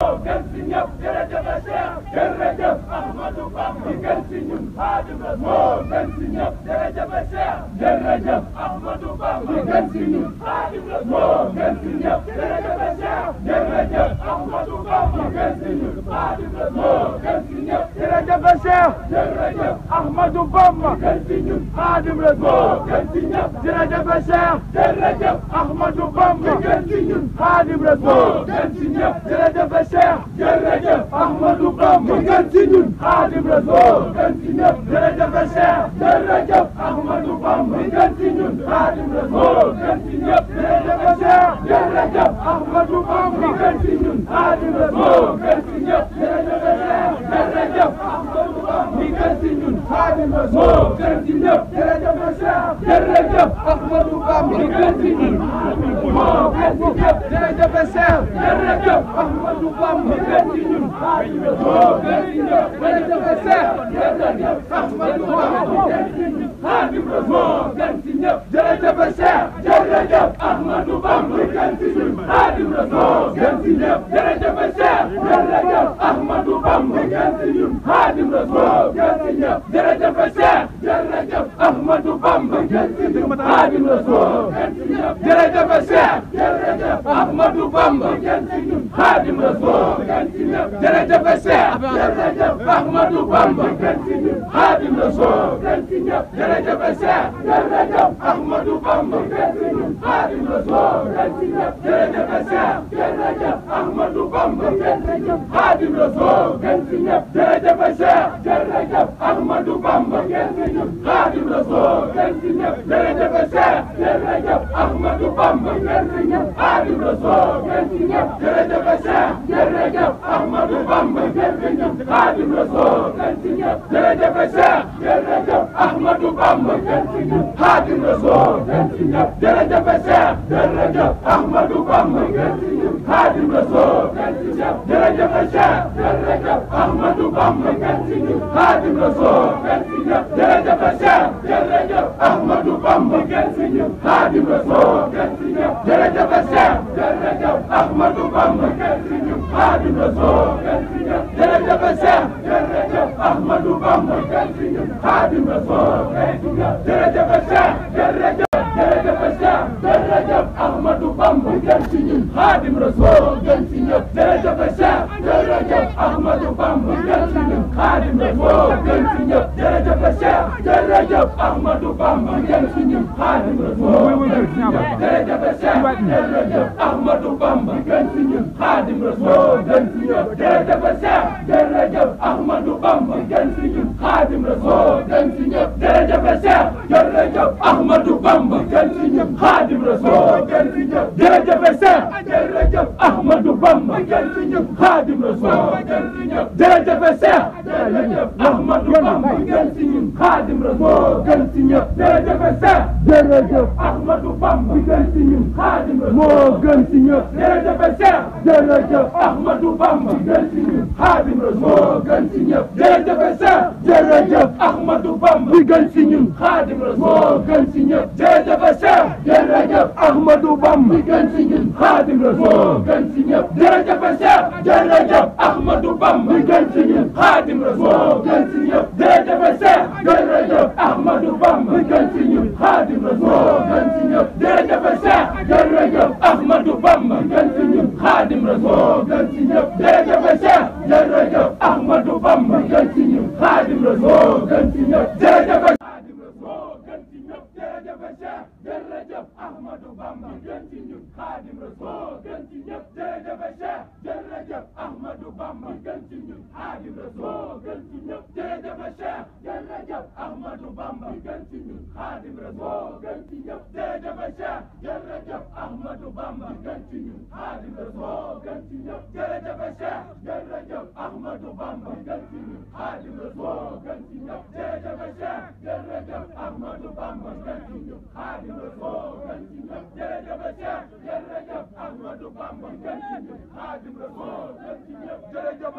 Oh. gën si ñëpp jërëjëf Cheikh jërëjëf Ahmadou Bamba ki gën si ñun Xaadimu Rasuul moo gën si ñëpp jërëjëf Cheikh jërëjëf Ahmadou Bamba ki gën si ñun Xaadimu Rasuul moo gën si ñëpp jërëjëf Cheikh jërëjëf Ahmadou Bamba ki gën si ñun Xaadimu Rasuul moo gën si ñëpp jërëjëf Cheikh jërëjëf Ahmadou Bamba ki gën si ñun Xaadimu Rasuul moo gën si ñëpp jërëjëf Cheikh jërëjëf Ahmadou Bamba ki gën si ñun Xaadimu Rasuul moo gën si ñëpp jërëjëf Cheikh jërëjëf Ahmadou Bamba mi gën si ñun Xaadim Rasul gën si ñëpp jërëjëf Cheikh jërëjëf Ahmadou Bamba mi gën si ñun Xaadim Rasul gën si ñëpp jërëjëf Cheikh jërëjëf Ahmadou Bamba mi gën si ñun Xaadim Rasul gën si ñëpp jërëjëf Cheikh jërëjëf Ahmadou Bamba mi gën si ñun Xaadim Rasul gën si ñëpp jërëjëf Cheikh jërëjëf Ahmadou Bamba mi gën si ñun Cheikh jërëjëf Ahmadou Bamba gën ci ñun moo gën ci ñun jërëjëf Cheikh jërëjëf Ahmadou Bamba gën ci ñun Xaadimu Rasuul moo gën ci ñëpp jërëjëf Cheikh jërëjëf Ahmadou Bamba gën ci ñun Xaadimu Rasuul moo gën ci ñëpp jërëjëf Cheikh jërëjëf Ahmadou Bamba gën ci ñun Xaadimu Rasuul moo gën ci ñëpp jërëjëf Cheikh jërëjëf Ahmadou Bamba gën ci ñun Xaadimu Rasuul Ahmadou Bamba Ahmadou Bamba kenn ci ñun Xaadim Rasuul kenn ci ñëpp jërëjëf Cheikh Bamba kenn ci ñun Xaadim Rasuul kenn ci ñëpp jërëjëf Cheikh Bamba kenn ci ñun Xaadim Rasuul kenn ci ñëpp jërëjëf Cheikh Bamba kenn ci ñun Xaadim Rasuul kenn ci ñëpp jërëjëf Cheikh Bamba kenn ci ñun Xaadim Rasuul kenn ci ñëpp jërëjëf Cheikh Bamba kenn ci la soo gën ci ñëpp jërëjëf Cheikh jërëjëf Ahmadou Bamba gën ci ñëpp Xaadim la soo gën ci ñëpp jërëjëf Cheikh jërëjëf Ahmadou Bamba gën ci ñëpp Xaadim la soo gën ci ñëpp jërëjëf Cheikh jërëjëf Ahmadou Bamba gën ci ñëpp Xaadim la soo gën ci ñëpp jërëjëf Cheikh jërëjëf Ahmadou Bamba gën ci ñëpp Xaadim la soo gën ci ñëpp jërëjëf Cheikh jërëjëf Ahmadou Bamba gën ci ñëpp Xaadim la soo Ahmadu Bamba gan si ñun Xaadim Rasuul xeeti nga jërëjëf Cheikh jërëjëf jërëjëf Cheikh jërëjëf Ahmadu Bamba gan si ñun Xaadim Rasuul gan si ñëpp jërëjëf Cheikh jërëjëf Ahmadu Bamba gan si xaadim rek moo gën si ñëpp jërëjëf la Cheikh jërëjëf Ahmadou Bamba gën si ñëpp xaadim rek moo gën si ñëpp jërëjëf la Cheikh jërëjëf Ahmadou Bamba gën si ñëpp xaadim rek moo gën si ñëpp jërëjëf la Cheikh jërëjëf Ahmadou Bamba gën si ñëpp xaadim rasool gën ci ñëpp jërëjëf Cheikh jërëjëf Ahmadou Bamba gën ci ñëpp xaadim rasool gën ci ñëpp jërëjëf Cheikh jërëjëf Ahmadou Bamba gën ci ñëpp xaadim rasool gën ci ñëpp jërëjëf Cheikh jërëjëf Ahmadou Bamba gën ci ñëpp xaadim rasool gën ci ñëpp jërëjëf Cheikh jërëjëf Ahmadou Bamba gën ci ñëpp xaadim rasool moo gën ci ñëpp jërëjëf Cheikh jërëjëf Ahmadou Bamba gën ci ñëpp xaadim rasool moo gën ci ñëpp jërëjëf Cheikh jërëjëf Ahmadou Bamba li gën si ñun Xaadim Rasul moo gën si ñëpp jërëjëf Cheikh jërëjëf Ahmadou Bamba li gën si ñun Xaadim Rasul moo gën si ñëpp jërëjëf Cheikh jërëjëf Ahmadou Bamba li gën si ñun Xaadim Rasul moo gën si ñëpp jërëjëf Cheikh jërëjëf Ahmadou Bamba li gën si ñun Xaadim Rasul moo gën si ñëpp jërëjëf Cheikh jërëjëf Ahmadou Bamba li gën si ñun Xaadim Rasul moo gën si ñëpp jërëjëf Cheikh jërëjëf Ahmadou Bamba la ci ñëpp jërëjëf Xaadim la soo gën ci ñëpp jërëjëf Cheikh jërëjëf Ahmadou Bamba gën ci ñun Xaadim la soo Rasul gën ci ñëpp te dafa Cheikh jërëjëf Ahmadou Bamba gën ci ñun Xaadim Rasul gën ci ñëpp jërëjëf Cheikh jërëjëf Ahmadou Bamba gën ci ñun Xaadim Rasul gën ci ñëpp te dafa Cheikh jërëjëf Ahmadou Bamba gën ci ñun Xaadim Rasul gën ci ñëpp jërëjëf Cheikh jërëjëf Ahmadou Bamba gën ci ñun Xaadim Rasul gën ci ñëpp jërëjëf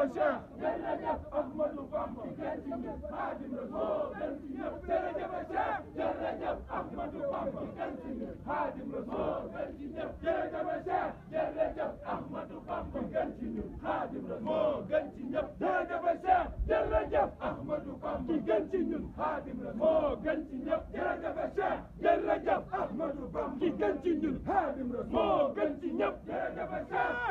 Cheikh jërëjëf Ahmadou Bamba gën ci ñun Xaadim Rasul gën ci ñëpp jërëjëf Cheikh jërëjëf Ahmadou Bamba gën ci ñëpp Xaadim Rasul gën ci ñëpp jërëjëf Cheikh jërëjëf Ahmadou Bamba gën ci ñëpp Xaadim Rasul gën ci ñëpp jërëjëf Cheikh jërëjëf Ahmadou Bamba gën ci ñun Xaadim Rasul gën ci ñëpp jërëjëf Cheikh jërëjëf Ahmadou Bamba gën ci ñun Xaadim Rasul gën ci ñëpp jërëjëf Cheikh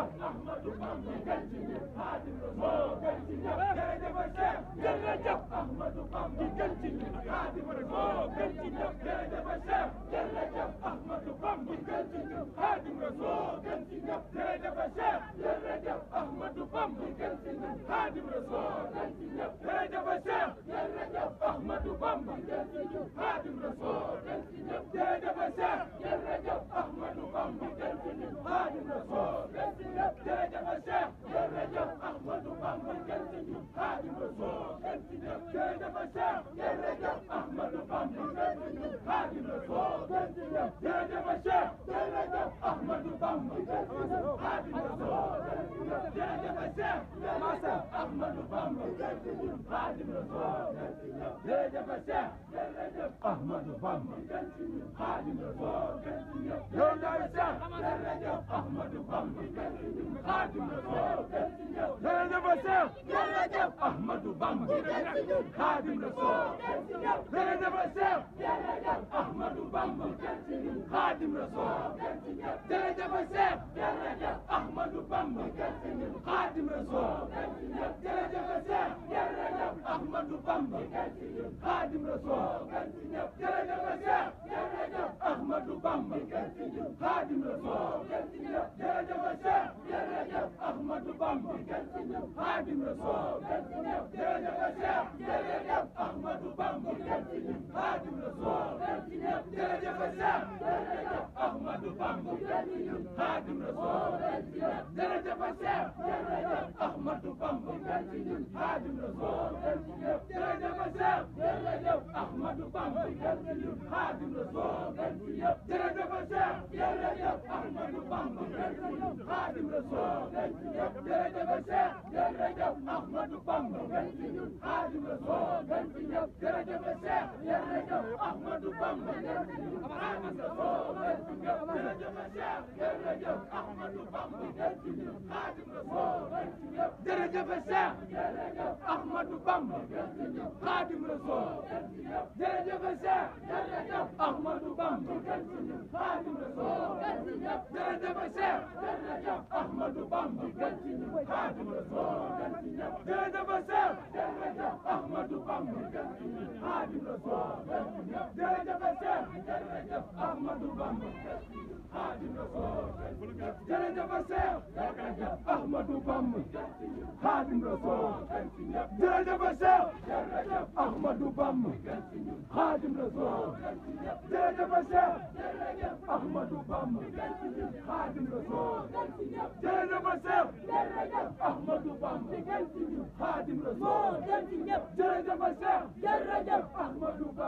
ñëpp Ahmadou Bamba gën ci ñëpp Xaadimu Rasuul gën ci ñëpp jërëjëf Cheikh jërëjëf Ahmadou Bamba gën ci ñëpp Xaadimu Rasuul gën ci ñëpp jërëjëf Cheikh jërëjëf Ahmadou Bamba gën ci ñëpp Xaadimu Rasuul gën ci ñëpp jërëjëf Cheikh jërëjëf Ahmadou Bamba gën ci ñëpp Xaadimu Rasuul gën ci ñëpp jërëjëf Cheikh jërëjëf Ahmadou Bamba gën ci ñëpp Xaadimu Rasuul gën ci ñëpp jërëjëf Cheikh jërëjëf Ahmadou Bamba gën ci ñëpp Xaadimu Rasuul Bamba gerte jub Xaadimu Rasuul gerte jub jërëjëf Cheikh jërëjëf Ahmadou Bamba gerte jub Xaadimu Rasuul gerte jub jërëjëf Cheikh jërëjëf Ahmadou Bamba gerte jub Xaadimu Rasuul gerte jub jërëjëf Cheikh jërëjëf Ahmadou Bamba gerte jub Xaadimu Rasuul gerte jub jërëjëf Cheikh jërëjëf Ahmadou Bamba gerte jub Xaadimu Rasuul xaadim rasool dana defal seef ahmadu bamba xaadim rasool dana defal seef ahmadu bamba xaadim rasool dana defal seef ahmadu bamba xaadim rasool dana defal seef ahmadu bamba xaadim rasool Cheikh jërëjëf Ahmadou Bamba dem ci ñun Xaadimu Rasuul dem ci ñëpp jërëjëf Cheikh jërëjëf Ahmadou Bamba dem ci ñun Xaadimu Rasuul dem ci ñëpp jërëjëf Cheikh jërëjëf Ahmadou Bamba bamba kenn ci ñun xaadim rasul kenn ci ñëpp jërëjëf Cheikh jërëjëf Ahmadou Bamba kenn ci ñun xaadim rasul kenn ci ñëpp jërëjëf Cheikh jërëjëf Ahmadou Bamba kenn ci ñun xaadim rasul kenn ci ñëpp jërëjëf Cheikh jërëjëf Ahmadou Bamba kenn ci ñun xaadim rasul jërëjëf Cheikh jërëjëf Ahmadou Bamba jërëjëf Xaadimu Rasuul jërëjëf Cheikh jërëjëf Ahmadou Bamba jërëjëf Xaadimu Rasuul jërëjëf Cheikh jërëjëf Ahmadou Bamba jërëjëf Xaadimu Rasuul jërëjëf Cheikh jërëjëf Ahmadou Bamba jërëjëf Xaadimu Rasuul jërëjëf Cheikh jërëjëf Ahmadou Bamba jërëjëf Xaadimu Rasuul jërëjëf Cheikh jërëjëf Ahmadou Bamba jërëjëf Cheikh Ahmadou Bamba Xaadim Rasool jërëjëf Cheikh Ahmadou Bamba Xaadim Rasool jërëjëf Cheikh Ahmadou Bamba Xaadim Rasool jërëjëf Cheikh Ahmadou Bamba Xaadim Rasool jërëjëf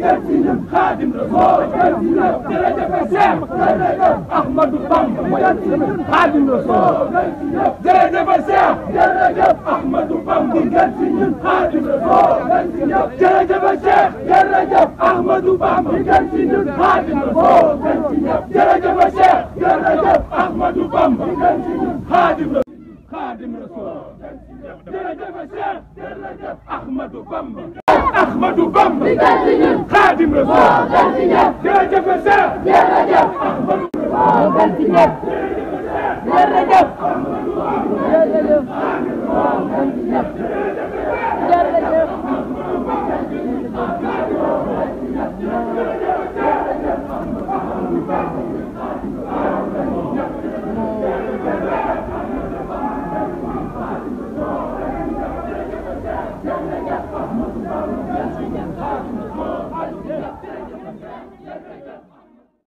يكفيهم خادم رسول يكفيهم درجة فسيح أحمد الطم ويكفيهم خادم رسول درجة فسيح درجة أحمد الطم يكفيهم خادم رسول درجة فسيح درجة أحمد الطم يكفيهم خادم رسول درجة فسيح درجة أحمد الطم يكفيهم خادم رسول خادم رسول درجة فسيح درجة أحمد الطم Ahmadou Bamba. li gën si ñun. Xaadim Rasul. moo gën si ñëpp. jërëjëf Seex. jërëjëf. Ahmadou. moo gën si ñëpp. jërëjëf.